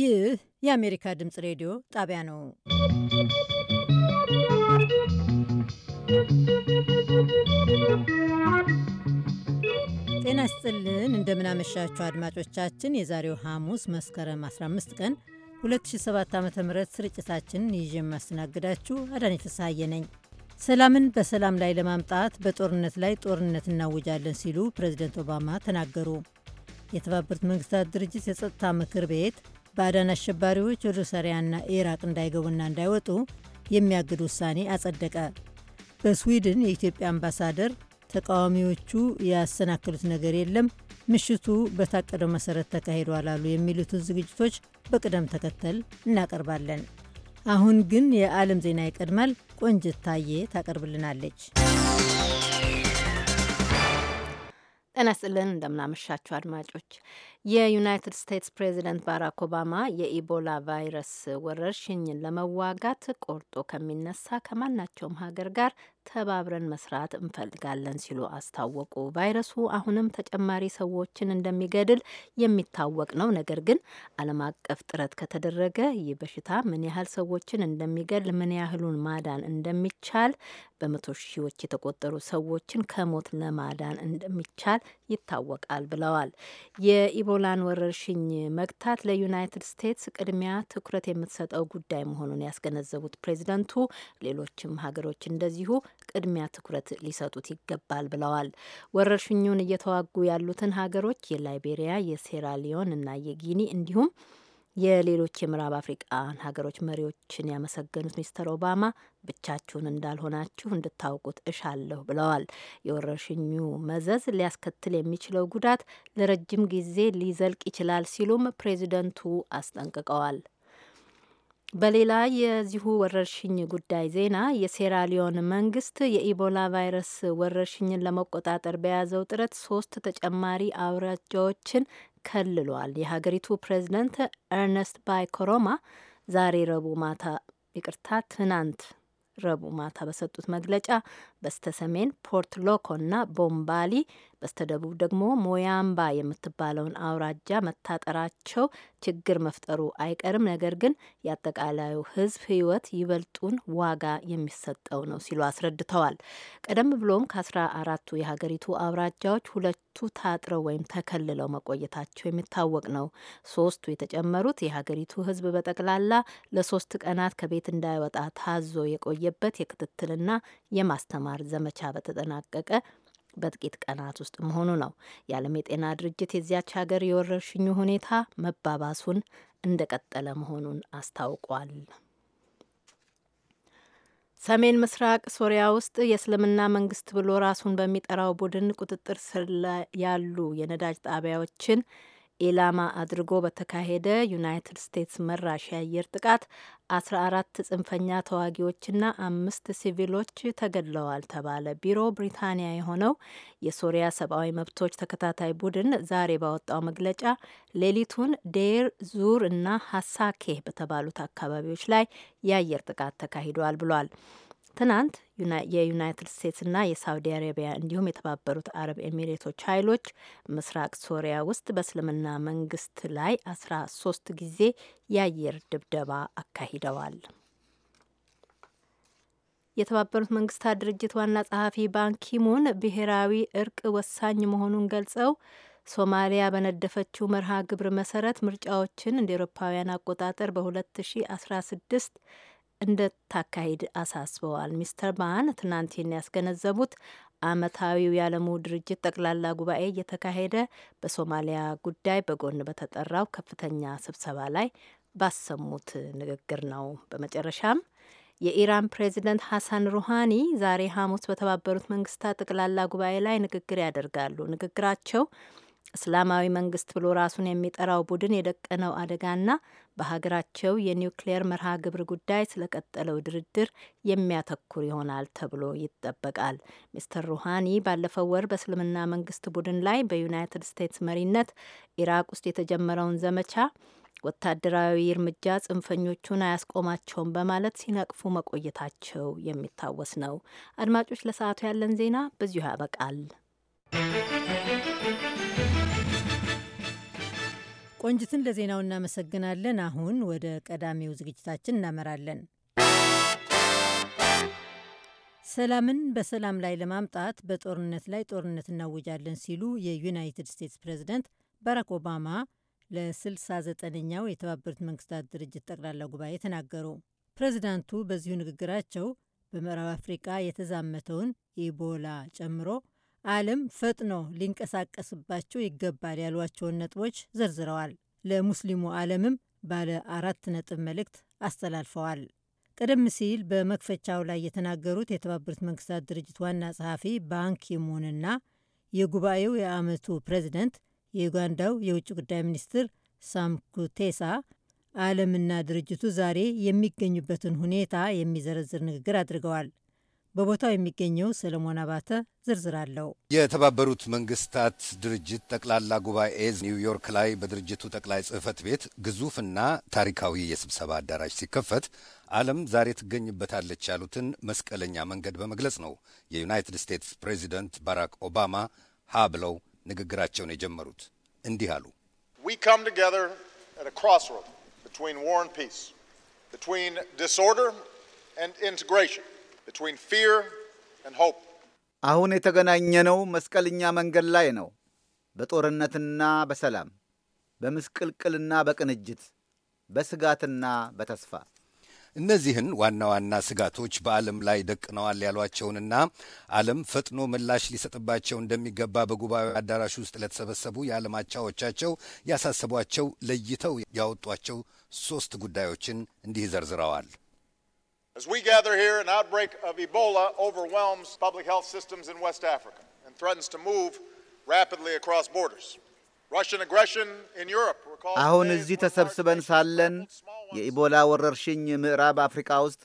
ይህ የአሜሪካ ድምፅ ሬዲዮ ጣቢያ ነው። ጤና ይስጥልን፣ እንደምናመሻችሁ አድማጮቻችን። የዛሬው ሐሙስ መስከረም 15 ቀን 2007 ዓ ም ስርጭታችንን ይዤ የማስተናግዳችሁ አዳነች ፍስሐዬ ነኝ። ሰላምን በሰላም ላይ ለማምጣት በጦርነት ላይ ጦርነት እናውጃለን ሲሉ ፕሬዚደንት ኦባማ ተናገሩ። የተባበሩት መንግስታት ድርጅት የጸጥታ ምክር ቤት ባዕዳን አሸባሪዎች ወደ ሶሪያና ኢራቅ እንዳይገቡና እንዳይወጡ የሚያግድ ውሳኔ አጸደቀ። በስዊድን የኢትዮጵያ አምባሳደር ተቃዋሚዎቹ ያሰናክሉት ነገር የለም፣ ምሽቱ በታቀደው መሰረት ተካሂዷል አሉ። የሚሉትን ዝግጅቶች በቅደም ተከተል እናቀርባለን። አሁን ግን የዓለም ዜና ይቀድማል። ቆንጅታየ ታቀርብልናለች። ጤና ይስጥልን፣ እንደምናመሻችሁ አድማጮች። የዩናይትድ ስቴትስ ፕሬዚደንት ባራክ ኦባማ የኢቦላ ቫይረስ ወረርሽኝን ለመዋጋት ቆርጦ ከሚነሳ ከማናቸውም ሀገር ጋር ተባብረን መስራት እንፈልጋለን ሲሉ አስታወቁ። ቫይረሱ አሁንም ተጨማሪ ሰዎችን እንደሚገድል የሚታወቅ ነው። ነገር ግን ዓለም አቀፍ ጥረት ከተደረገ ይህ በሽታ ምን ያህል ሰዎችን እንደሚገድል ምን ያህሉን ማዳን እንደሚቻል፣ በመቶ ሺዎች የተቆጠሩ ሰዎችን ከሞት ለማዳን እንደሚቻል ይታወቃል ብለዋል። የኢቦላን ወረርሽኝ መግታት ለዩናይትድ ስቴትስ ቅድሚያ ትኩረት የምትሰጠው ጉዳይ መሆኑን ያስገነዘቡት ፕሬዚደንቱ ሌሎችም ሀገሮች እንደዚሁ ቅድሚያ ትኩረት ሊሰጡት ይገባል ብለዋል። ወረርሽኙን እየተዋጉ ያሉትን ሀገሮች የላይቤሪያ፣ የሴራሊዮን እና የጊኒ እንዲሁም የሌሎች የምዕራብ አፍሪቃን ሀገሮች መሪዎችን ያመሰገኑት ሚስተር ኦባማ ብቻችሁን እንዳልሆናችሁ እንድታውቁት እሻለሁ ብለዋል። የወረርሽኙ መዘዝ ሊያስከትል የሚችለው ጉዳት ለረጅም ጊዜ ሊዘልቅ ይችላል ሲሉም ፕሬዚደንቱ አስጠንቅቀዋል። በሌላ የዚሁ ወረርሽኝ ጉዳይ ዜና የሴራሊዮን መንግስት የኢቦላ ቫይረስ ወረርሽኝን ለመቆጣጠር በያዘው ጥረት ሶስት ተጨማሪ አውራጃዎችን ከልሏል። የሀገሪቱ ፕሬዚደንት ኤርነስት ባይ ኮሮማ ዛሬ ረቡዕ ማታ ይቅርታ፣ ትናንት ረቡዕ ማታ በሰጡት መግለጫ በስተ ሰሜን ፖርት ሎኮና ቦምባሊ በስተደቡብ ደግሞ ሞያምባ የምትባለውን አውራጃ መታጠራቸው ችግር መፍጠሩ አይቀርም፣ ነገር ግን የአጠቃላዩ ሕዝብ ሕይወት ይበልጡን ዋጋ የሚሰጠው ነው ሲሉ አስረድተዋል። ቀደም ብሎም ከአስራ አራቱ የሀገሪቱ አውራጃዎች ሁለቱ ታጥረው ወይም ተከልለው መቆየታቸው የሚታወቅ ነው። ሶስቱ የተጨመሩት የሀገሪቱ ሕዝብ በጠቅላላ ለሶስት ቀናት ከቤት እንዳይወጣ ታዞ የቆየበት የክትትልና የማስተማር የማስተማር ዘመቻ በተጠናቀቀ በጥቂት ቀናት ውስጥ መሆኑ ነው። የዓለም የጤና ድርጅት የዚያች ሀገር የወረርሽኙ ሁኔታ መባባሱን እንደቀጠለ መሆኑን አስታውቋል። ሰሜን ምስራቅ ሶሪያ ውስጥ የእስልምና መንግስት ብሎ ራሱን በሚጠራው ቡድን ቁጥጥር ስር ያሉ የነዳጅ ጣቢያዎችን ኢላማ አድርጎ በተካሄደ ዩናይትድ ስቴትስ መራሽ የአየር ጥቃት አራት ጽንፈኛ ተዋጊዎችና አምስት ሲቪሎች ተገድለዋል ተባለ። ቢሮ ብሪታንያ የሆነው የሶሪያ ሰብአዊ መብቶች ተከታታይ ቡድን ዛሬ ባወጣው መግለጫ ሌሊቱን ዴር ዙር እና ሀሳኬ በተባሉት አካባቢዎች ላይ የአየር ጥቃት ተካሂዷል ብሏል። ትናንት የዩናይትድ ስቴትስና የሳውዲ አረቢያ እንዲሁም የተባበሩት አረብ ኤሚሬቶች ኃይሎች ምስራቅ ሶሪያ ውስጥ በእስልምና መንግስት ላይ አስራ ሶስት ጊዜ የአየር ድብደባ አካሂደዋል። የተባበሩት መንግስታት ድርጅት ዋና ጸሐፊ ባንኪሙን ብሔራዊ እርቅ ወሳኝ መሆኑን ገልጸው ሶማሊያ በነደፈችው መርሃ ግብር መሰረት ምርጫዎችን እንደ ኤሮፓውያን አቆጣጠር በ2016 እንደታካሂድ አሳስበዋል። ሚስተር ባን ትናንትን ያስገነዘቡት ዓመታዊው የዓለሙ ድርጅት ጠቅላላ ጉባኤ እየተካሄደ በሶማሊያ ጉዳይ በጎን በተጠራው ከፍተኛ ስብሰባ ላይ ባሰሙት ንግግር ነው። በመጨረሻም የኢራን ፕሬዚደንት ሐሳን ሩሃኒ ዛሬ ሐሙስ በተባበሩት መንግስታት ጠቅላላ ጉባኤ ላይ ንግግር ያደርጋሉ። ንግግራቸው እስላማዊ መንግስት ብሎ ራሱን የሚጠራው ቡድን የደቀነው አደጋና በሀገራቸው የኒውክሌየር መርሃ ግብር ጉዳይ ስለቀጠለው ድርድር የሚያተኩር ይሆናል ተብሎ ይጠበቃል። ሚስተር ሩሃኒ ባለፈው ወር በእስልምና መንግስት ቡድን ላይ በዩናይትድ ስቴትስ መሪነት ኢራቅ ውስጥ የተጀመረውን ዘመቻ ወታደራዊ እርምጃ ጽንፈኞቹን አያስቆማቸውም በማለት ሲነቅፉ መቆየታቸው የሚታወስ ነው። አድማጮች፣ ለሰዓቱ ያለን ዜና በዚሁ ያበቃል። ቆንጅትን ለዜናው እናመሰግናለን። አሁን ወደ ቀዳሚው ዝግጅታችን እናመራለን። ሰላምን በሰላም ላይ ለማምጣት በጦርነት ላይ ጦርነት እናውጃለን ሲሉ የዩናይትድ ስቴትስ ፕሬዚደንት ባራክ ኦባማ ለ69ኛው የተባበሩት መንግስታት ድርጅት ጠቅላላ ጉባኤ ተናገሩ። ፕሬዚዳንቱ በዚሁ ንግግራቸው በምዕራብ አፍሪቃ የተዛመተውን ኢቦላ ጨምሮ ዓለም ፈጥኖ ሊንቀሳቀስባቸው ይገባል ያሏቸውን ነጥቦች ዘርዝረዋል። ለሙስሊሙ ዓለምም ባለ አራት ነጥብ መልእክት አስተላልፈዋል። ቀደም ሲል በመክፈቻው ላይ የተናገሩት የተባበሩት መንግስታት ድርጅት ዋና ጸሐፊ ባንኪሙንና የጉባኤው የዓመቱ ፕሬዚደንት የዩጋንዳው የውጭ ጉዳይ ሚኒስትር ሳምኩቴሳ አለምና ዓለምና ድርጅቱ ዛሬ የሚገኙበትን ሁኔታ የሚዘረዝር ንግግር አድርገዋል። በቦታው የሚገኘው ሰለሞን አባተ ዝርዝር አለው። የተባበሩት መንግስታት ድርጅት ጠቅላላ ጉባኤ ኒውዮርክ ላይ በድርጅቱ ጠቅላይ ጽህፈት ቤት ግዙፍና ታሪካዊ የስብሰባ አዳራሽ ሲከፈት ዓለም ዛሬ ትገኝበታለች ያሉትን መስቀለኛ መንገድ በመግለጽ ነው የዩናይትድ ስቴትስ ፕሬዚደንት ባራክ ኦባማ ሀ ብለው ንግግራቸውን የጀመሩት። እንዲህ አሉ። ዊ አሁን የተገናኘነው መስቀልኛ መንገድ ላይ ነው። በጦርነትና በሰላም፣ በምስቅልቅልና በቅንጅት፣ በስጋትና በተስፋ እነዚህን ዋና ዋና ስጋቶች በዓለም ላይ ደቅነዋል ያሏቸውንና ዓለም ፈጥኖ ምላሽ ሊሰጥባቸው እንደሚገባ በጉባኤ አዳራሽ ውስጥ ለተሰበሰቡ የዓለም አቻዎቻቸው ያሳሰቧቸው ለይተው ያወጧቸው ሦስት ጉዳዮችን እንዲህ ዘርዝረዋል። As we gather here, an outbreak of Ebola overwhelms public health systems in West Africa and threatens to move rapidly across borders. አሁን እዚህ ተሰብስበን ሳለን የኢቦላ ወረርሽኝ ምዕራብ አፍሪካ ውስጥ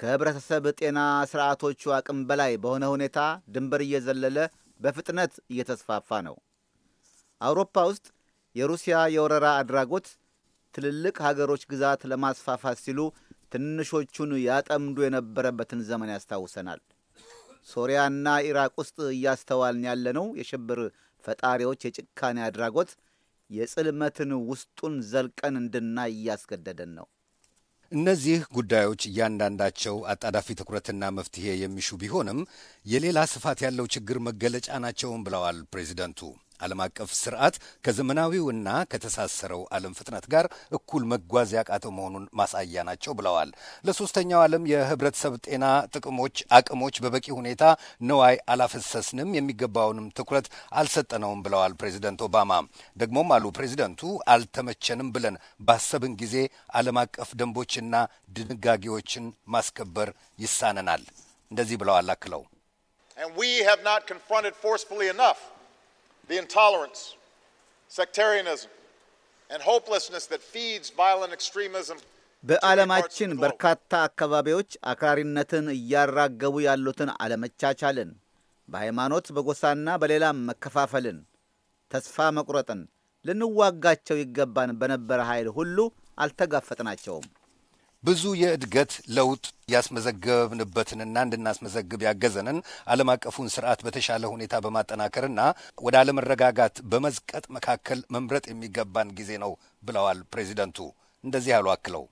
ከህብረተሰብ ጤና ስርዓቶቹ አቅም በላይ በሆነ ሁኔታ ድንበር እየዘለለ በፍጥነት እየተስፋፋ ነው። አውሮፓ ውስጥ የሩሲያ የወረራ አድራጎት ትልልቅ ሀገሮች ግዛት ለማስፋፋት ሲሉ ትንሾቹን ያጠምዱ የነበረበትን ዘመን ያስታውሰናል። ሶሪያና ኢራቅ ውስጥ እያስተዋልን ያለነው የሽብር ፈጣሪዎች የጭካኔ አድራጎት የጽልመትን ውስጡን ዘልቀን እንድናይ እያስገደደን ነው። እነዚህ ጉዳዮች እያንዳንዳቸው አጣዳፊ ትኩረትና መፍትሄ የሚሹ ቢሆንም የሌላ ስፋት ያለው ችግር መገለጫ ናቸውም ብለዋል ፕሬዚደንቱ። ዓለም አቀፍ ስርዓት ከዘመናዊውና ከተሳሰረው ዓለም ፍጥነት ጋር እኩል መጓዝ ያቃተው መሆኑን ማሳያ ናቸው ብለዋል። ለሶስተኛው ዓለም የህብረተሰብ ጤና ጥቅሞች፣ አቅሞች በበቂ ሁኔታ ነዋይ አላፈሰስንም፣ የሚገባውንም ትኩረት አልሰጠነውም ብለዋል ፕሬዚደንት ኦባማ። ደግሞም አሉ ፕሬዚደንቱ አልተመቸንም ብለን ባሰብን ጊዜ ዓለም አቀፍ ደንቦችና ድንጋጌዎችን ማስከበር ይሳነናል። እንደዚህ ብለዋል አክለው the intolerance, sectarianism, and hopelessness that feeds violent extremism በዓለማችን በርካታ አካባቢዎች አክራሪነትን እያራገቡ ያሉትን አለመቻቻልን፣ በሃይማኖት በጎሳና በሌላም መከፋፈልን፣ ተስፋ መቁረጥን ልንዋጋቸው ይገባን በነበረ ኃይል ሁሉ አልተጋፈጥናቸውም። ብዙ የእድገት ለውጥ ያስመዘገብንበትንና እንድናስመዘግብ ያገዘንን ዓለም አቀፉን ስርዓት በተሻለ ሁኔታ በማጠናከርና ወደ አለመረጋጋት በመዝቀጥ መካከል መምረጥ የሚገባን ጊዜ ነው ብለዋል ፕሬዚደንቱ። እንደዚህ አሉ አክለው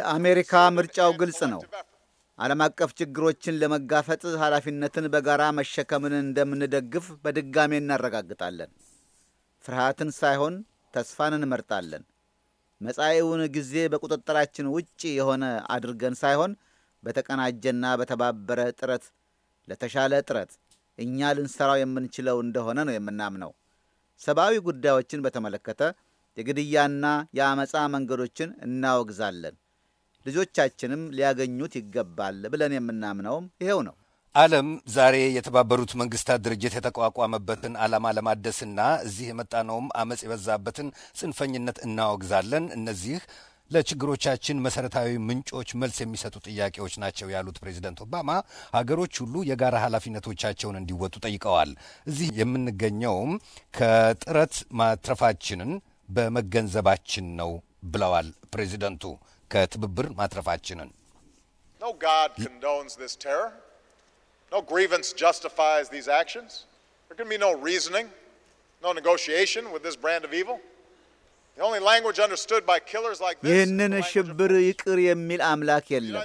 ለአሜሪካ ምርጫው ግልጽ ነው። ዓለም አቀፍ ችግሮችን ለመጋፈጥ ኃላፊነትን በጋራ መሸከምን እንደምንደግፍ በድጋሜ እናረጋግጣለን። ፍርሃትን ሳይሆን ተስፋን እንመርጣለን። መጻኤውን ጊዜ በቁጥጥራችን ውጭ የሆነ አድርገን ሳይሆን በተቀናጀና በተባበረ ጥረት ለተሻለ ጥረት እኛ ልንሠራው የምንችለው እንደሆነ ነው የምናምነው። ሰብአዊ ጉዳዮችን በተመለከተ የግድያና የአመፃ መንገዶችን እናወግዛለን። ልጆቻችንም ሊያገኙት ይገባል ብለን የምናምነውም ይኸው ነው። ዓለም ዛሬ የተባበሩት መንግስታት ድርጅት የተቋቋመበትን ዓላማ ለማደስና እዚህ የመጣነውም አመፅ የበዛበትን ጽንፈኝነት እናወግዛለን። እነዚህ ለችግሮቻችን መሰረታዊ ምንጮች መልስ የሚሰጡ ጥያቄዎች ናቸው ያሉት ፕሬዚደንት ኦባማ ሀገሮች ሁሉ የጋራ ኃላፊነቶቻቸውን እንዲወጡ ጠይቀዋል። እዚህ የምንገኘውም ከጥረት ማትረፋችንን በመገንዘባችን ነው ብለዋል ፕሬዚደንቱ። ከትብብር ማትረፋችንን ይህንን ሽብር ይቅር የሚል አምላክ የለም።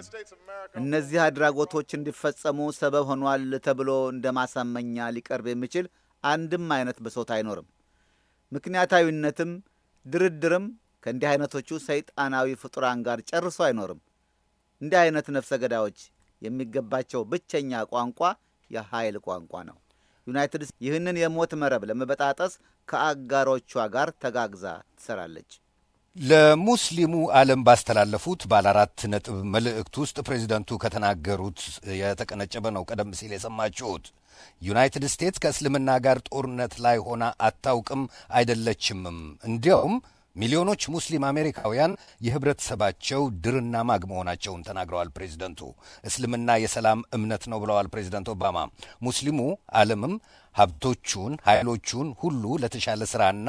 እነዚህ አድራጎቶች እንዲፈጸሙ ሰበብ ሆኗል ተብሎ እንደ ማሳመኛ ሊቀርብ የሚችል አንድም አይነት ብሶት አይኖርም። ምክንያታዊነትም ድርድርም ከእንዲህ አይነቶቹ ሰይጣናዊ ፍጡራን ጋር ጨርሶ አይኖርም። እንዲህ አይነት ነፍሰ ገዳዮች የሚገባቸው ብቸኛ ቋንቋ የኃይል ቋንቋ ነው። ዩናይትድ ይህንን የሞት መረብ ለመበጣጠስ ከአጋሮቿ ጋር ተጋግዛ ትሰራለች። ለሙስሊሙ ዓለም ባስተላለፉት ባለ አራት ነጥብ መልእክት ውስጥ ፕሬዚደንቱ ከተናገሩት የተቀነጨበ ነው ቀደም ሲል የሰማችሁት። ዩናይትድ ስቴትስ ከእስልምና ጋር ጦርነት ላይ ሆና አታውቅም፣ አይደለችምም። እንዲያውም ሚሊዮኖች ሙስሊም አሜሪካውያን የህብረተሰባቸው ድርና ማግ መሆናቸውን ተናግረዋል ፕሬዚደንቱ። እስልምና የሰላም እምነት ነው ብለዋል ፕሬዚደንት ኦባማ። ሙስሊሙ ዓለምም ሀብቶቹን፣ ኃይሎቹን ሁሉ ለተሻለ ስራና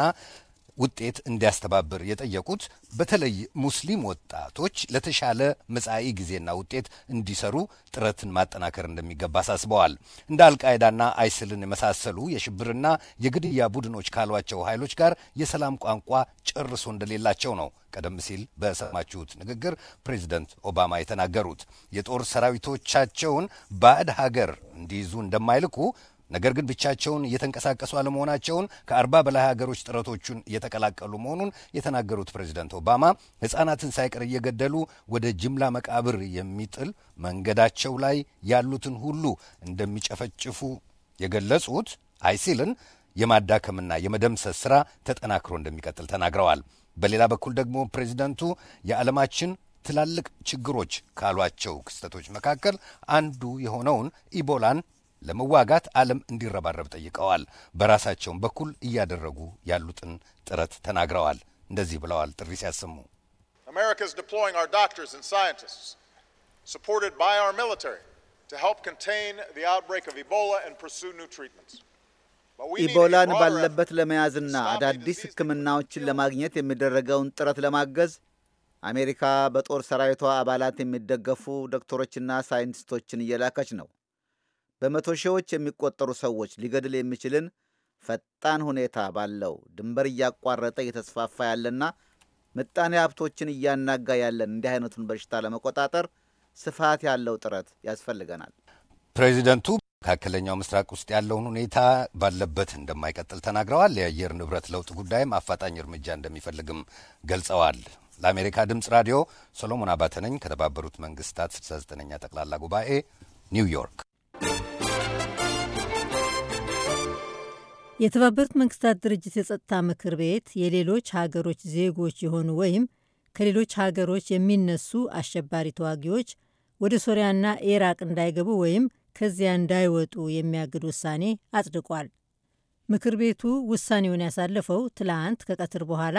ውጤት እንዲያስተባብር የጠየቁት በተለይ ሙስሊም ወጣቶች ለተሻለ መጻኢ ጊዜና ውጤት እንዲሰሩ ጥረትን ማጠናከር እንደሚገባ አሳስበዋል። እንደ አልቃይዳና አይስልን የመሳሰሉ የሽብርና የግድያ ቡድኖች ካሏቸው ኃይሎች ጋር የሰላም ቋንቋ ጨርሶ እንደሌላቸው ነው ቀደም ሲል በሰማችሁት ንግግር ፕሬዚደንት ኦባማ የተናገሩት። የጦር ሰራዊቶቻቸውን ባዕድ ሀገር እንዲይዙ እንደማይልኩ ነገር ግን ብቻቸውን እየተንቀሳቀሱ አለመሆናቸውን ከአርባ በላይ ሀገሮች ጥረቶቹን እየተቀላቀሉ መሆኑን የተናገሩት ፕሬዚደንት ኦባማ ሕጻናትን ሳይቀር እየገደሉ ወደ ጅምላ መቃብር የሚጥል መንገዳቸው ላይ ያሉትን ሁሉ እንደሚጨፈጭፉ የገለጹት አይሲልን የማዳከምና የመደምሰስ ስራ ተጠናክሮ እንደሚቀጥል ተናግረዋል። በሌላ በኩል ደግሞ ፕሬዚደንቱ የዓለማችን ትላልቅ ችግሮች ካሏቸው ክስተቶች መካከል አንዱ የሆነውን ኢቦላን ለመዋጋት ዓለም እንዲረባረብ ጠይቀዋል። በራሳቸውም በኩል እያደረጉ ያሉትን ጥረት ተናግረዋል። እንደዚህ ብለዋል ጥሪ ሲያሰሙ ኢቦላን ባለበት ለመያዝና አዳዲስ ሕክምናዎችን ለማግኘት የሚደረገውን ጥረት ለማገዝ አሜሪካ በጦር ሰራዊቷ አባላት የሚደገፉ ዶክተሮችና ሳይንቲስቶችን እየላከች ነው። በመቶ ሺዎች የሚቆጠሩ ሰዎች ሊገድል የሚችልን ፈጣን ሁኔታ ባለው ድንበር እያቋረጠ እየተስፋፋ ያለና ምጣኔ ሀብቶችን እያናጋ ያለን እንዲህ አይነቱን በሽታ ለመቆጣጠር ስፋት ያለው ጥረት ያስፈልገናል። ፕሬዚደንቱ መካከለኛው ምስራቅ ውስጥ ያለውን ሁኔታ ባለበት እንደማይቀጥል ተናግረዋል። የአየር ንብረት ለውጥ ጉዳይም አፋጣኝ እርምጃ እንደሚፈልግም ገልጸዋል። ለአሜሪካ ድምፅ ራዲዮ አባተ አባተነኝ ከተባበሩት መንግስታት 69ኛ ጠቅላላ ጉባኤ ኒውዮርክ የተባበሩት መንግስታት ድርጅት የጸጥታ ምክር ቤት የሌሎች ሀገሮች ዜጎች የሆኑ ወይም ከሌሎች ሀገሮች የሚነሱ አሸባሪ ተዋጊዎች ወደ ሶሪያና ኢራቅ እንዳይገቡ ወይም ከዚያ እንዳይወጡ የሚያግድ ውሳኔ አጽድቋል። ምክር ቤቱ ውሳኔውን ያሳለፈው ትላንት ከቀትር በኋላ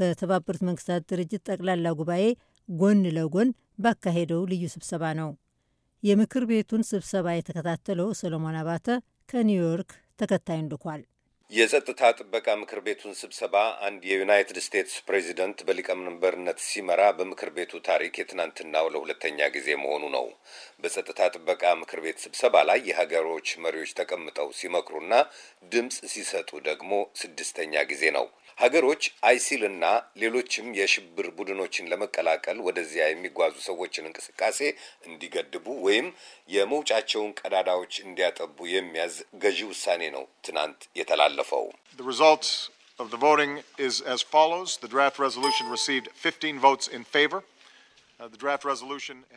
ከተባበሩት መንግስታት ድርጅት ጠቅላላ ጉባኤ ጎን ለጎን ባካሄደው ልዩ ስብሰባ ነው። የምክር ቤቱን ስብሰባ የተከታተለው ሰሎሞን አባተ ከኒውዮርክ ተከታይ ልኳል። የጸጥታ ጥበቃ ምክር ቤቱን ስብሰባ አንድ የዩናይትድ ስቴትስ ፕሬዚደንት በሊቀመንበርነት ሲመራ በምክር ቤቱ ታሪክ የትናንትናው ለሁለተኛ ጊዜ መሆኑ ነው። በጸጥታ ጥበቃ ምክር ቤት ስብሰባ ላይ የሀገሮች መሪዎች ተቀምጠው ሲመክሩና ድምፅ ሲሰጡ ደግሞ ስድስተኛ ጊዜ ነው። ሀገሮች አይሲልና ሌሎችም የሽብር ቡድኖችን ለመቀላቀል ወደዚያ የሚጓዙ ሰዎችን እንቅስቃሴ እንዲገድቡ ወይም የመውጫቸውን ቀዳዳዎች እንዲያጠቡ የሚያዝ ገዢ ውሳኔ ነው ትናንት የተላለፈው። uh,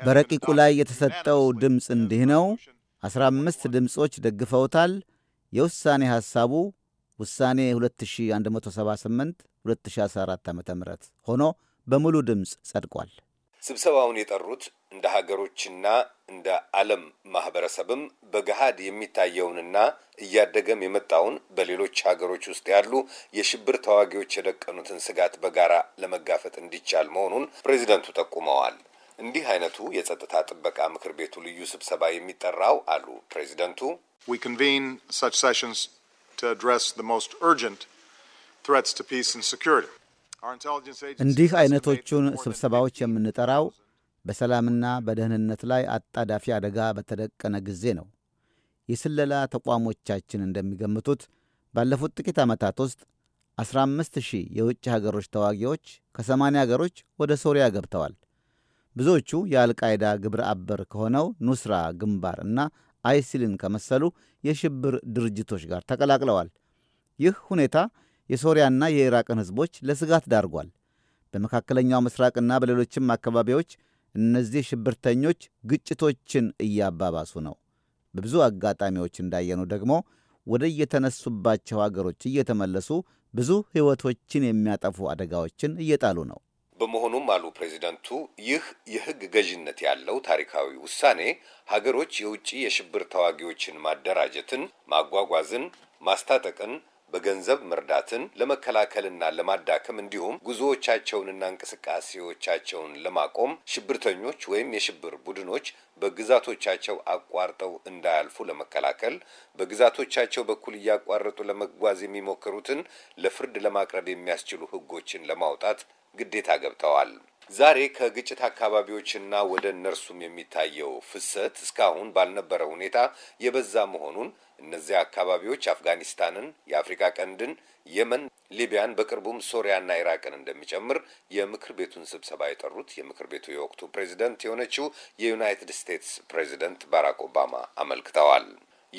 በረቂቁ ላይ የተሰጠው ድምፅ እንዲህ ነው። አምስት ድምፆች ደግፈውታል። የውሳኔ ሐሳቡ ውሳኔ 2178 2014 ዓ ም ሆኖ በሙሉ ድምፅ ጸድቋል። ስብሰባውን የጠሩት እንደ ሀገሮችና እንደ ዓለም ማህበረሰብም በገሃድ የሚታየውንና እያደገም የመጣውን በሌሎች ሀገሮች ውስጥ ያሉ የሽብር ተዋጊዎች የደቀኑትን ስጋት በጋራ ለመጋፈጥ እንዲቻል መሆኑን ፕሬዚደንቱ ጠቁመዋል። እንዲህ አይነቱ የጸጥታ ጥበቃ ምክር ቤቱ ልዩ ስብሰባ የሚጠራው አሉ ፕሬዚደንቱ address the most urgent threats to peace and security. እንዲህ አይነቶቹን ስብሰባዎች የምንጠራው በሰላምና በደህንነት ላይ አጣዳፊ አደጋ በተደቀነ ጊዜ ነው። የስለላ ተቋሞቻችን እንደሚገምቱት ባለፉት ጥቂት ዓመታት ውስጥ 15 ሺህ የውጭ ሀገሮች ተዋጊዎች ከ80 ሀገሮች ወደ ሶሪያ ገብተዋል። ብዙዎቹ የአልቃይዳ ግብረ አበር ከሆነው ኑስራ ግንባር እና አይሲልን ከመሰሉ የሽብር ድርጅቶች ጋር ተቀላቅለዋል። ይህ ሁኔታ የሶሪያና የኢራቅን ሕዝቦች ለስጋት ዳርጓል። በመካከለኛው ምስራቅና በሌሎችም አካባቢዎች እነዚህ ሽብርተኞች ግጭቶችን እያባባሱ ነው። በብዙ አጋጣሚዎች እንዳየኑ ደግሞ ወደ የተነሱባቸው አገሮች እየተመለሱ ብዙ ሕይወቶችን የሚያጠፉ አደጋዎችን እየጣሉ ነው። በመሆኑም አሉ ፕሬዚደንቱ፣ ይህ የህግ ገዥነት ያለው ታሪካዊ ውሳኔ ሀገሮች የውጭ የሽብር ተዋጊዎችን ማደራጀትን፣ ማጓጓዝን፣ ማስታጠቅን በገንዘብ መርዳትን ለመከላከልና ለማዳከም እንዲሁም ጉዞዎቻቸውንና እንቅስቃሴዎቻቸውን ለማቆም ሽብርተኞች ወይም የሽብር ቡድኖች በግዛቶቻቸው አቋርጠው እንዳያልፉ ለመከላከል በግዛቶቻቸው በኩል እያቋረጡ ለመጓዝ የሚሞክሩትን ለፍርድ ለማቅረብ የሚያስችሉ ህጎችን ለማውጣት ግዴታ ገብተዋል። ዛሬ ከግጭት አካባቢዎችና ወደ እነርሱም የሚታየው ፍሰት እስካሁን ባልነበረ ሁኔታ የበዛ መሆኑን እነዚያ አካባቢዎች አፍጋኒስታንን፣ የአፍሪካ ቀንድን፣ የመን፣ ሊቢያን በቅርቡም ሶሪያና ኢራቅን እንደሚጨምር የምክር ቤቱን ስብሰባ የጠሩት የምክር ቤቱ የወቅቱ ፕሬዚደንት የሆነችው የዩናይትድ ስቴትስ ፕሬዚደንት ባራክ ኦባማ አመልክተዋል።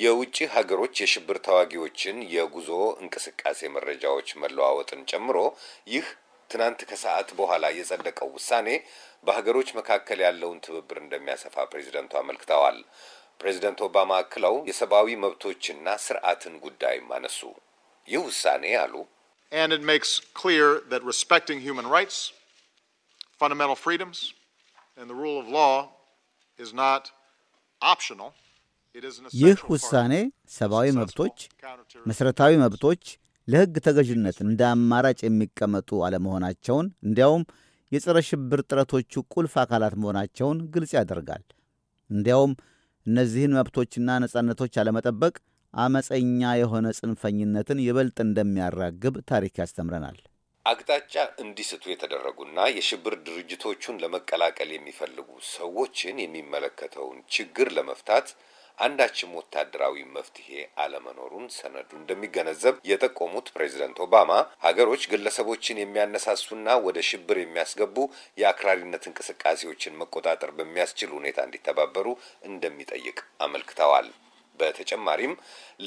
የውጭ ሀገሮች የሽብር ተዋጊዎችን የጉዞ እንቅስቃሴ መረጃዎች መለዋወጥን ጨምሮ ይህ ትናንት ከሰዓት በኋላ የጸደቀው ውሳኔ በሀገሮች መካከል ያለውን ትብብር እንደሚያሰፋ ፕሬዚደንቱ አመልክተዋል። ፕሬዚደንት ኦባማ አክለው የሰብአዊ መብቶችና ስርዓትን ጉዳይም አነሱ። ይህ ውሳኔ አሉ ይህ ውሳኔ ሰብአዊ መብቶች፣ መሠረታዊ መብቶች ለሕግ ተገዥነት እንደ አማራጭ የሚቀመጡ አለመሆናቸውን እንዲያውም የጸረ ሽብር ጥረቶቹ ቁልፍ አካላት መሆናቸውን ግልጽ ያደርጋል። እንዲያውም እነዚህን መብቶችና ነጻነቶች አለመጠበቅ አመፀኛ የሆነ ጽንፈኝነትን ይበልጥ እንደሚያራግብ ታሪክ ያስተምረናል። አቅጣጫ እንዲስቱ የተደረጉና የሽብር ድርጅቶቹን ለመቀላቀል የሚፈልጉ ሰዎችን የሚመለከተውን ችግር ለመፍታት አንዳችም ወታደራዊ መፍትሄ አለመኖሩን ሰነዱ እንደሚገነዘብ የጠቆሙት ፕሬዚደንት ኦባማ ሀገሮች ግለሰቦችን የሚያነሳሱና ወደ ሽብር የሚያስገቡ የአክራሪነት እንቅስቃሴዎችን መቆጣጠር በሚያስችል ሁኔታ እንዲተባበሩ እንደሚጠይቅ አመልክተዋል። በተጨማሪም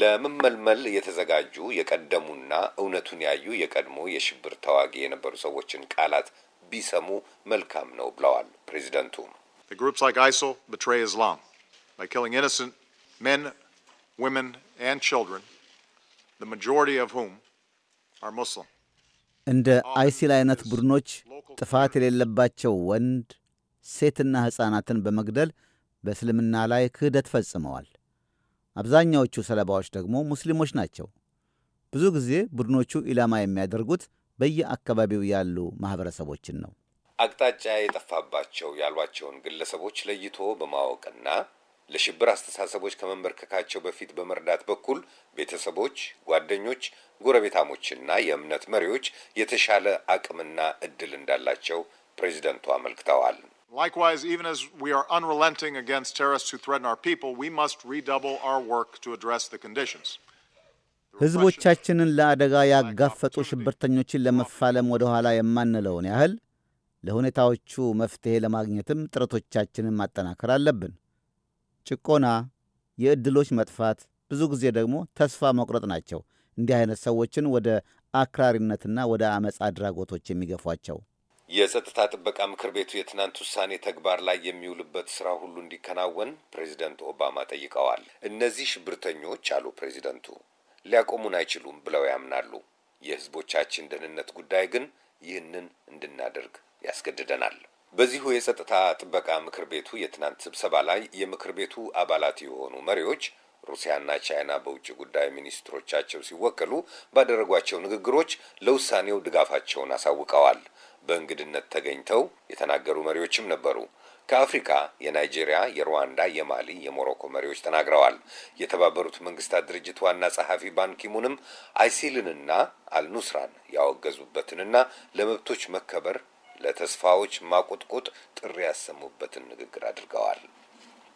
ለመመልመል የተዘጋጁ የቀደሙና እውነቱን ያዩ የቀድሞ የሽብር ተዋጊ የነበሩ ሰዎችን ቃላት ቢሰሙ መልካም ነው ብለዋል ፕሬዚደንቱ። men, women, and children, the majority of whom are Muslim. እንደ አይሲል አይነት ቡድኖች ጥፋት የሌለባቸው ወንድ ሴትና ሕፃናትን በመግደል በእስልምና ላይ ክህደት ፈጽመዋል። አብዛኛዎቹ ሰለባዎች ደግሞ ሙስሊሞች ናቸው። ብዙ ጊዜ ቡድኖቹ ኢላማ የሚያደርጉት በየአካባቢው ያሉ ማኅበረሰቦችን ነው። አቅጣጫ የጠፋባቸው ያሏቸውን ግለሰቦች ለይቶ በማወቅና ለሽብር አስተሳሰቦች ከመንበርከካቸው በፊት በመርዳት በኩል ቤተሰቦች፣ ጓደኞች፣ ጎረቤታሞችና የእምነት መሪዎች የተሻለ አቅምና እድል እንዳላቸው ፕሬዚደንቱ አመልክተዋል። Likewise, even as we are unrelenting against terrorists who threaten our people, we must redouble our work to address the conditions. ሕዝቦቻችንን ለአደጋ ያጋፈጡ ሽብርተኞችን ለመፋለም ወደ ኋላ የማንለውን ያህል ለሁኔታዎቹ መፍትሔ ለማግኘትም ጥረቶቻችንን ማጠናከር አለብን። ጭቆና፣ የዕድሎች መጥፋት፣ ብዙ ጊዜ ደግሞ ተስፋ መቁረጥ ናቸው እንዲህ አይነት ሰዎችን ወደ አክራሪነትና ወደ አመፅ አድራጎቶች የሚገፏቸው። የጸጥታ ጥበቃ ምክር ቤቱ የትናንት ውሳኔ ተግባር ላይ የሚውልበት ስራ ሁሉ እንዲከናወን ፕሬዚደንት ኦባማ ጠይቀዋል። እነዚህ ሽብርተኞች አሉ ፕሬዚደንቱ ሊያቆሙን አይችሉም ብለው ያምናሉ። የህዝቦቻችን ደህንነት ጉዳይ ግን ይህንን እንድናደርግ ያስገድደናል። በዚሁ የጸጥታ ጥበቃ ምክር ቤቱ የትናንት ስብሰባ ላይ የምክር ቤቱ አባላት የሆኑ መሪዎች ሩሲያና ቻይና በውጭ ጉዳይ ሚኒስትሮቻቸው ሲወከሉ ባደረጓቸው ንግግሮች ለውሳኔው ድጋፋቸውን አሳውቀዋል። በእንግድነት ተገኝተው የተናገሩ መሪዎችም ነበሩ። ከአፍሪካ የናይጄሪያ፣ የሩዋንዳ፣ የማሊ፣ የሞሮኮ መሪዎች ተናግረዋል። የተባበሩት መንግስታት ድርጅት ዋና ጸሐፊ ባንኪሙንም አይሲልንና አልኑስራን ያወገዙበትንና ለመብቶች መከበር ለተስፋዎች ማቁጥቁጥ ጥሪ ያሰሙበትን ንግግር አድርገዋል።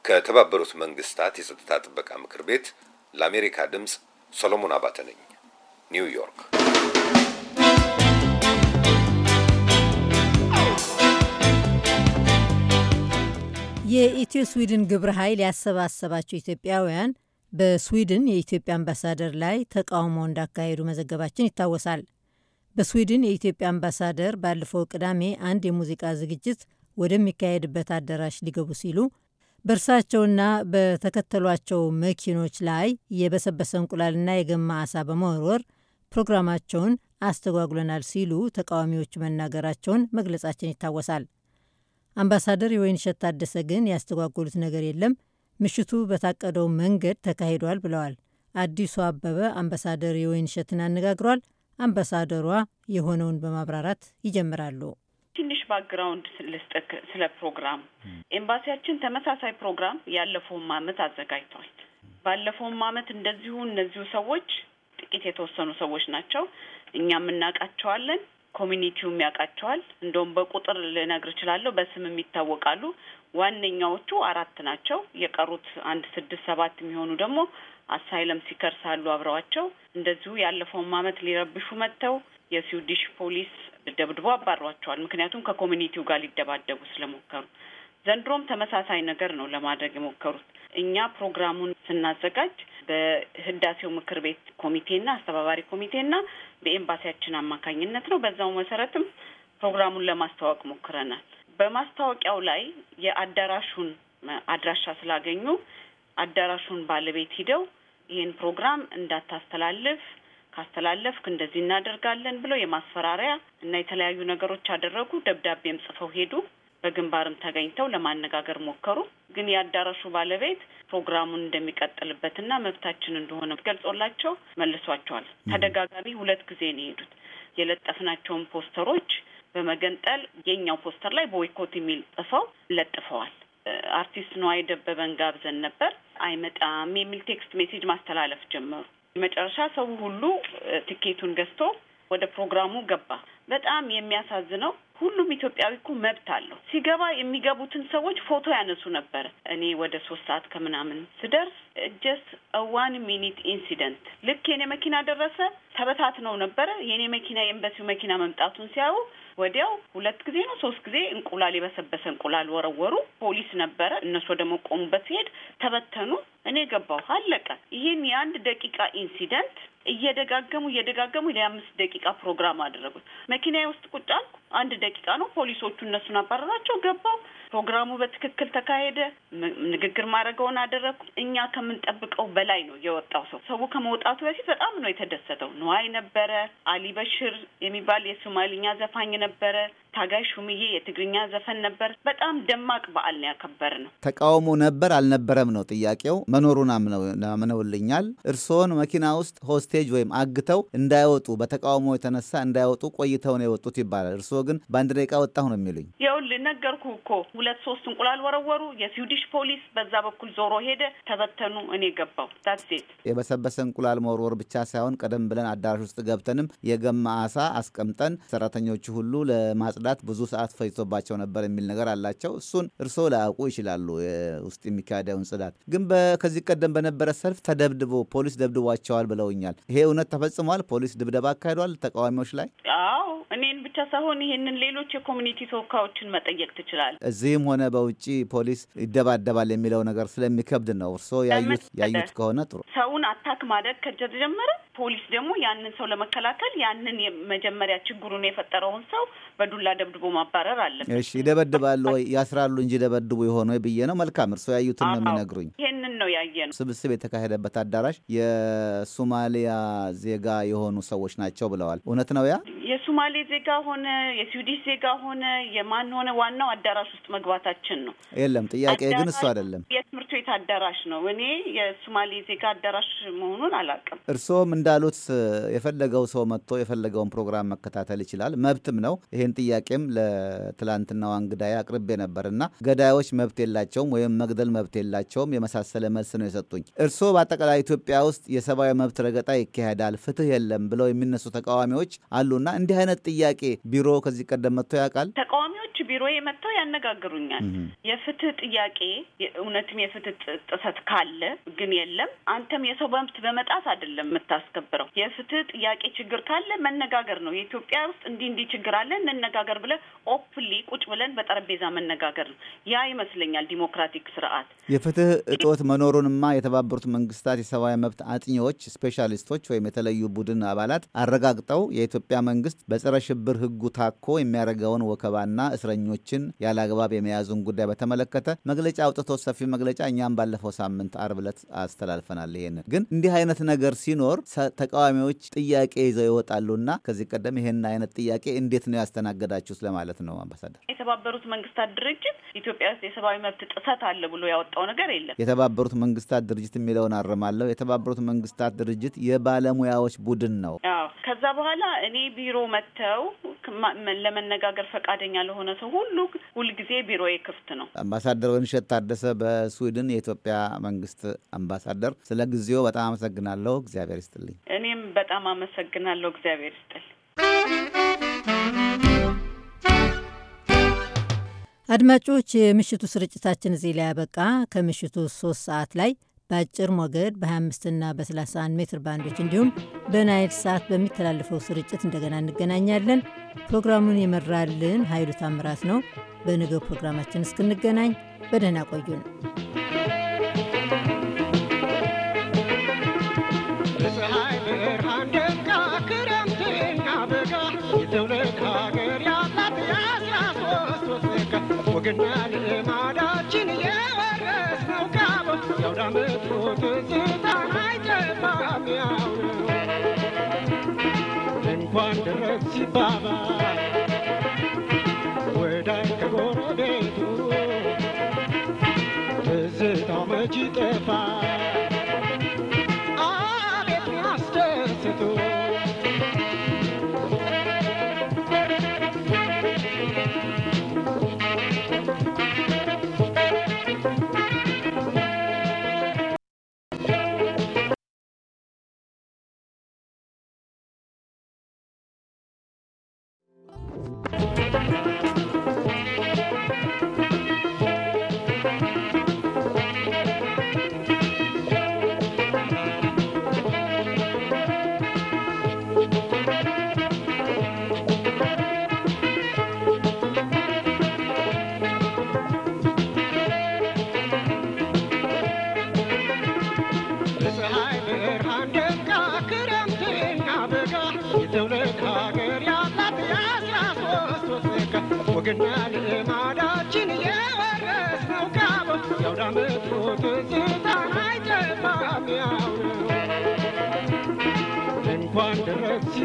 ከተባበሩት መንግስታት የጸጥታ ጥበቃ ምክር ቤት ለአሜሪካ ድምፅ ሰሎሞን አባተ ነኝ፣ ኒውዮርክ። የኢትዮ ስዊድን ግብረ ኃይል ያሰባሰባቸው ኢትዮጵያውያን በስዊድን የኢትዮጵያ አምባሳደር ላይ ተቃውሞ እንዳካሄዱ መዘገባችን ይታወሳል። በስዊድን የኢትዮጵያ አምባሳደር ባለፈው ቅዳሜ አንድ የሙዚቃ ዝግጅት ወደሚካሄድበት አዳራሽ ሊገቡ ሲሉ በእርሳቸውና በተከተሏቸው መኪኖች ላይ የበሰበሰ እንቁላልና የገማ አሳ በመወርወር ፕሮግራማቸውን አስተጓጉለናል ሲሉ ተቃዋሚዎቹ መናገራቸውን መግለጻችን ይታወሳል። አምባሳደር የወይንሸት ታደሰ ግን ያስተጓጎሉት ነገር የለም፣ ምሽቱ በታቀደው መንገድ ተካሂዷል ብለዋል። አዲሱ አበበ አምባሳደር የወይንሸትን አነጋግሯል። አምባሳደሯ የሆነውን በማብራራት ይጀምራሉ። ትንሽ ባክግራውንድ ልስጥክ ስለ ፕሮግራም። ኤምባሲያችን ተመሳሳይ ፕሮግራም ያለፈውም አመት አዘጋጅቷል። ባለፈውም አመት እንደዚሁ እነዚሁ ሰዎች ጥቂት የተወሰኑ ሰዎች ናቸው። እኛም እናውቃቸዋለን፣ ኮሚኒቲውም ያውቃቸዋል። እንደውም በቁጥር ልነግር እችላለሁ፣ በስምም ይታወቃሉ። ዋነኛዎቹ አራት ናቸው። የቀሩት አንድ ስድስት ሰባት የሚሆኑ ደግሞ አሳይለም ሲከርስ አሉ አብረዋቸው እንደዚሁ ያለፈውን ዓመት ሊረብሹ መጥተው የስዊዲሽ ፖሊስ ደብድቦ አባሯቸዋል። ምክንያቱም ከኮሚኒቲው ጋር ሊደባደቡ ስለሞከሩ። ዘንድሮም ተመሳሳይ ነገር ነው ለማድረግ የሞከሩት። እኛ ፕሮግራሙን ስናዘጋጅ በህዳሴው ምክር ቤት ኮሚቴና አስተባባሪ ኮሚቴና በኤምባሲያችን አማካኝነት ነው። በዛው መሰረትም ፕሮግራሙን ለማስተዋወቅ ሞክረናል። በማስታወቂያው ላይ የአዳራሹን አድራሻ ስላገኙ አዳራሹን ባለቤት ሂደው ይህን ፕሮግራም እንዳታስተላልፍ ካስተላለፍክ እንደዚህ እናደርጋለን ብለው የማስፈራሪያ እና የተለያዩ ነገሮች አደረጉ። ደብዳቤም ጽፈው ሄዱ። በግንባርም ተገኝተው ለማነጋገር ሞከሩ። ግን የአዳራሹ ባለቤት ፕሮግራሙን እንደሚቀጥልበትና መብታችን እንደሆነ ገልጾላቸው መልሷቸዋል። ተደጋጋሚ ሁለት ጊዜ ነው የሄዱት። የለጠፍናቸውን ፖስተሮች በመገንጠል የኛው ፖስተር ላይ ቦይኮት የሚል ጽፈው ለጥፈዋል። አርቲስት ነዋይ ደበበን ጋብዘን ነበር። አይመጣም የሚል ቴክስት ሜሴጅ ማስተላለፍ ጀመሩ። መጨረሻ ሰው ሁሉ ትኬቱን ገዝቶ ወደ ፕሮግራሙ ገባ። በጣም የሚያሳዝነው ሁሉም ኢትዮጵያዊ እኮ መብት አለው። ሲገባ የሚገቡትን ሰዎች ፎቶ ያነሱ ነበረ። እኔ ወደ ሶስት ሰዓት ከምናምን ስደርስ ጀስት ዋን ሚኒት ኢንሲደንት፣ ልክ የኔ መኪና ደረሰ። ተበታትነው ነበረ። የኔ መኪና የኤምባሲው መኪና መምጣቱን ሲያዩ ወዲያው ሁለት ጊዜ ነው ሶስት ጊዜ እንቁላል የበሰበሰ እንቁላል ወረወሩ። ፖሊስ ነበረ። እነሱ ደግሞ ቆሙበት ሲሄድ ተበተኑ። እኔ ገባሁ። አለቀ። ይህን የአንድ ደቂቃ ኢንሲደንት እየደጋገሙ እየደጋገሙ የአምስት ደቂቃ ፕሮግራም አደረጉት። መኪናዬ ውስጥ ቁጭ አልኩ። አንድ ደቂቃ ነው። ፖሊሶቹ እነሱን አባረራቸው። ገባሁ። ፕሮግራሙ በትክክል ተካሄደ፣ ንግግር ማድረገውን አደረግኩ። እኛ ከምንጠብቀው በላይ ነው የወጣው ሰው። ሰው ከመውጣቱ በፊት በጣም ነው የተደሰተው። ነዋይ ነበረ፣ አሊ በሽር የሚባል የሶማሊኛ ዘፋኝ ነበረ፣ ታጋይ ሹምዬ የትግርኛ ዘፈን ነበር። በጣም ደማቅ በዓል ነው ያከበር ነው። ተቃውሞ ነበር አልነበረም ነው ጥያቄው። መኖሩን አምነውልኛል። እርስዎን መኪና ውስጥ ሆስቴጅ ወይም አግተው እንዳይወጡ በተቃውሞ የተነሳ እንዳይወጡ ቆይተው ነው የወጡት ይባላል። እርስዎ ግን በአንድ ደቂቃ ወጣሁ ነው የሚሉኝ። ይኸውልህ ነገርኩህ እኮ ሁለት ሶስት እንቁላል ወረወሩ። የስዊዲሽ ፖሊስ በዛ በኩል ዞሮ ሄደ። ተበተኑ። እኔ ገባው ታሴት የበሰበሰ እንቁላል መወርወር ብቻ ሳይሆን ቀደም ብለን አዳራሽ ውስጥ ገብተንም የገማ አሳ አስቀምጠን ሰራተኞቹ ሁሉ ለማጽዳት ብዙ ሰዓት ፈጅቶባቸው ነበር የሚል ነገር አላቸው። እሱን እርስዎ ላያውቁ ይችላሉ። ውስጥ የሚካሄደውን ጽዳት ግን ከዚህ ቀደም በነበረ ሰልፍ ተደብድቦ ፖሊስ ደብድቧቸዋል ብለውኛል። ይሄ እውነት ተፈጽሟል? ፖሊስ ድብደባ አካሂዷል ተቃዋሚዎች ላይ? አዎ እኔን ብቻ ሳይሆን ይሄንን ሌሎች የኮሚኒቲ ተወካዮችን መጠየቅ ትችላል። በዚህም ሆነ በውጭ ፖሊስ ይደባደባል የሚለው ነገር ስለሚከብድ ነው። እርስዎ ያዩት ከሆነ ጥሩ ሰውን አታክ ማድረግ ከተጀመረ ፖሊስ ደግሞ ያንን ሰው ለመከላከል ያንን የመጀመሪያ ችግሩን የፈጠረውን ሰው በዱላ ደብድቦ ማባረር አለበት። እሺ ይደበድባሉ ወይ ያስራሉ እንጂ ደበድቡ የሆነ ብዬ ነው። መልካም እርስዎ ያዩትን ነው የሚነግሩኝ። ይህንን ነው ያየ ነው። ስብስብ የተካሄደበት አዳራሽ የሱማሊያ ዜጋ የሆኑ ሰዎች ናቸው ብለዋል። እውነት ነው ያ የሶማሌ ዜጋ ሆነ የስዊዲሽ ዜጋ ሆነ የማን ሆነ ዋናው አዳራሽ ውስጥ መግባታችን ነው። የለም ጥያቄ ግን እሱ አይደለም። የትምህርት ቤት አዳራሽ ነው። እኔ የሶማሌ ዜጋ አዳራሽ መሆኑን አላውቅም። እርስዎም እንዳሉት የፈለገው ሰው መጥቶ የፈለገውን ፕሮግራም መከታተል ይችላል፣ መብትም ነው። ይሄን ጥያቄም ለትላንትናዋ እንግዳዬ አቅርቤ ነበር እና ገዳዮች መብት የላቸውም ወይም መግደል መብት የላቸውም የመሳሰለ መልስ ነው የሰጡኝ። እርስዎ በአጠቃላይ ኢትዮጵያ ውስጥ የሰብአዊ መብት ረገጣ ይካሄዳል፣ ፍትህ የለም ብለው የሚነሱ ተቃዋሚዎች አሉና እንዲህ አይነት ጥያቄ ቢሮ ከዚህ ቀደም መጥቶ ያውቃል? ተቃዋሚ ቢሮዬ መጥተው ያነጋግሩኛል። የፍትህ ጥያቄ እውነትም የፍትህ ጥሰት ካለ ግን የለም አንተም የሰው መብት በመጣት አይደለም የምታስከብረው። የፍትህ ጥያቄ ችግር ካለ መነጋገር ነው። የኢትዮጵያ ውስጥ እንዲህ እንዲህ ችግር አለ እንነጋገር ብለን ኦፕሊ ቁጭ ብለን በጠረጴዛ መነጋገር ነው። ያ ይመስለኛል ዲሞክራቲክ ስርዓት። የፍትህ እጦት መኖሩንማ የተባበሩት መንግስታት የሰብአዊ መብት አጥኚዎች ስፔሻሊስቶች ወይም የተለዩ ቡድን አባላት አረጋግጠው የኢትዮጵያ መንግስት በጸረ ሽብር ህጉ ታኮ የሚያደርገውን ወከባና እስረ እስረኞችን ያለ አግባብ የመያዙን ጉዳይ በተመለከተ መግለጫ አውጥቶ ሰፊ መግለጫ እኛም ባለፈው ሳምንት አርብ ዕለት አስተላልፈናል። ይሄንን ግን እንዲህ አይነት ነገር ሲኖር ተቃዋሚዎች ጥያቄ ይዘው ይወጣሉና ከዚህ ቀደም ይሄን አይነት ጥያቄ እንዴት ነው ያስተናገዳችሁ ስለማለት ነው። አምባሳደር የተባበሩት መንግስታት ድርጅት ኢትዮጵያ ውስጥ የሰብአዊ መብት ጥሰት አለ ብሎ ያወጣው ነገር የለም። የተባበሩት መንግስታት ድርጅት የሚለውን አርማለሁ። የተባበሩት መንግስታት ድርጅት የባለሙያዎች ቡድን ነው። ከዛ በኋላ እኔ ቢሮ መጥተው ለመነጋገር ፈቃደኛ ለሆነ ሰው ሁሉ ሁልጊዜ ቢሮዬ ክፍት ነው። አምባሳደር ወይንሸት ታደሰ በስዊድን የኢትዮጵያ መንግስት አምባሳደር፣ ስለ ጊዜው በጣም አመሰግናለሁ። እግዚአብሔር ይስጥልኝ። እኔም በጣም አመሰግናለሁ። እግዚአብሔር ይስጥል። አድማጮች፣ የምሽቱ ስርጭታችን እዚህ ላይ ያበቃ። ከምሽቱ ሶስት ሰዓት ላይ በአጭር ሞገድ በ25 እና በ31 ሜትር ባንዶች እንዲሁም በናይል ሳት በሚተላለፈው ስርጭት እንደገና እንገናኛለን። ፕሮግራሙን የመራልን ኃይሉ ታምራት ነው። በንገብ ፕሮግራማችን እስክንገናኝ በደህና ቆዩን። ነው። ወገና ልማዳ do do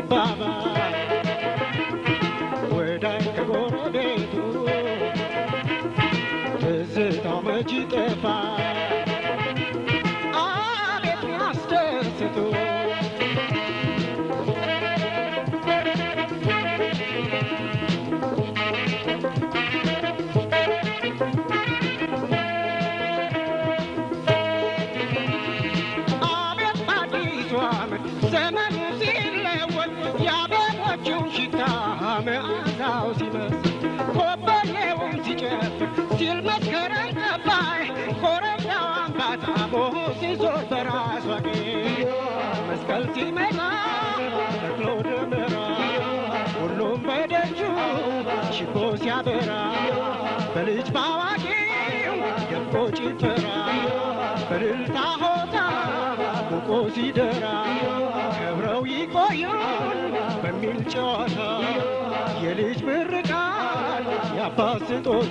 Baba. ሲል መች ግራ ገባኝ አቦ ሲዞር በራስ መስቀል ሲመጣ ተክሎ ደመራ ሁሉም በደጁ ሽቦ ሲያበራ በልጅ ባዋቂው ደምቆ ጭፈራ በልልታ ሆታ ሲደራ ከብረው ይቆዩን በሚል ጨዋታ የልጅ ምርቃት ያባ ስጦታ